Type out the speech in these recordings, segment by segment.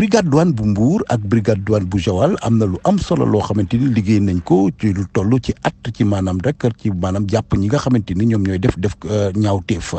brigade douane bu Mbour ak brigade douane bu Joal am na lu am solo loo xamante ni liggéey nañ ko ci lu toll ci at ci maanaam rek ci maanaam jàpp ñi nga xamante ni ñoom ñooy def def euh, ñaawteef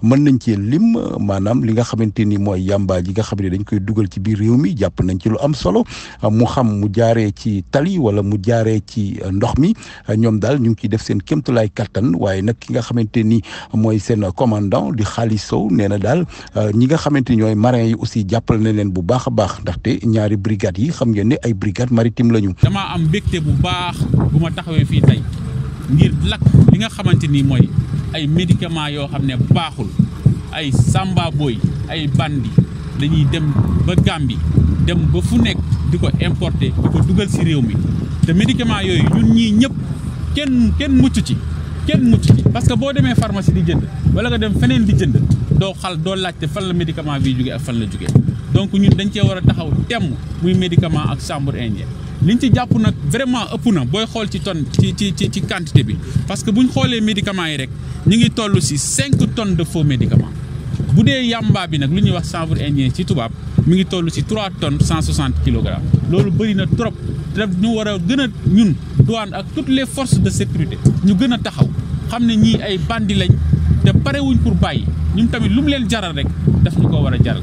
mën nañ cee lim manam li nga xamante ni mooy yàmbaa ji nga xam ne dañ koy dugal ci biir réew mi jàpp nañ ci lu am solo mu xam mu jaaree ci tali wala mu jaaree ci euh, ndox mi euh, ñoom daal ñu ngi ciy def seen kéemtulaay kattan waaye nag ki nga xamante ni mooy seen commandant di Xaalis Sow dal na daal ñi nga xamante ni ñooy marin yi aussi jàppal na leen bu baax baax baax ndaxte ñaari brigade yi xam ngeen ne ay brigade maritime la ñu. damaa am mbégte bu baax bu ma taxawee fii tey ngir lakk li nga xamante ni mooy ay médicament yoo xam ne baaxul ay samba ay bandi dañuy dem ba Gambie dem ba fu nekk di ko importer di ko dugal ci réew mi te médicaments yooyu ñun ñii ñëpp kenn kenn mucc ci kenn ci parce que boo demee pharmacie di jënd wala nga dem feneen di jënd doo xal doo laajte fan la médicament bi jóge ak fan la jóge donc ñun dañ cee war a taxaw temm muy médicament ak chambre li ñu ci jàpp nag vraiment ëpp na booy xool ci tonne ci ci ci quantité bi parce que buñ xoolee médicament yi rek ñu ngi toll si cinq tonnes de faux médicaments bu dee yamba bi nag lu ñuy wax chanvre indien ci tubaab mi ngi toll si trois tonnes cent soixante kilogrammes loolu bëri na trop te ñu war a gën a ñun douane ak toutes les force de sécurité ñu gën a taxaw xam ne ñii ay bandi lañ te parewuñ pour bàyyi ñun tamit lu mu leen jaral rek daf ñu ko war a jaral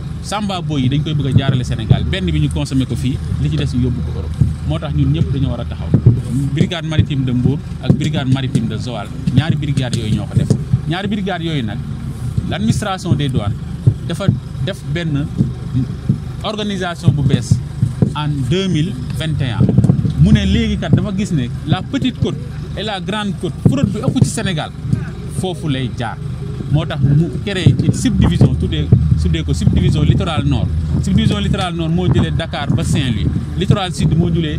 samba boy yi dañ koy bëgg jaarale Sénégal benn bi ñu consommé ko fii li ci des ñu yóbbu ko Europe moo tax ñun ñëpp dañoo war a taxaw brigade maritime de Mbour ak brigade maritime de Joal ñaari brigade yooyu ñoo ko def ñaari brigade yooyu nag l' administration des douanes dafa def benn organisation bu bees en 2021 mu ne léegi kat dafa gis ne la petite code et la grande code fraude bi ëpp ci Sénégal foofu lay jaar moo tax mu créé une subdivision tuddee tuddee ko subdivision littoral nord subdivision littoral nord moo jëlee dakaar ba Saint-Louis littoral sud moo jëlee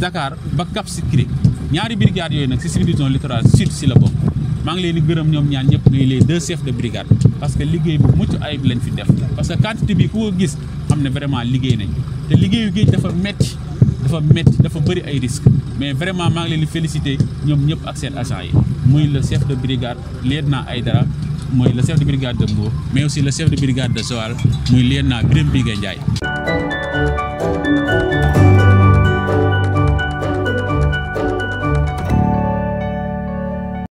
Dakar ba Cap Skirring ñaari brigades yooyu nag si subdivision littoral sud si la bokk maa ngi leen di gërëm ñoom ñaan ñëpp ngay les deux chefs de brigade parce que liggéey bu mucc ayib lañ fi def parce que quantité bi ku ko gis xam ne vraiment liggéey nañ te liggéeyu géej dafa metti dafa metti dafa bëri ay risques mais vraiment maa ngi leen di féliciter ñoom ñëpp ak seen agent yi muy le chef de brigade ay dara mooy le chef de brigade de Mbour mais aussi le chef de brigade de Joal muy lieutenant Birame Bigué Ndiaye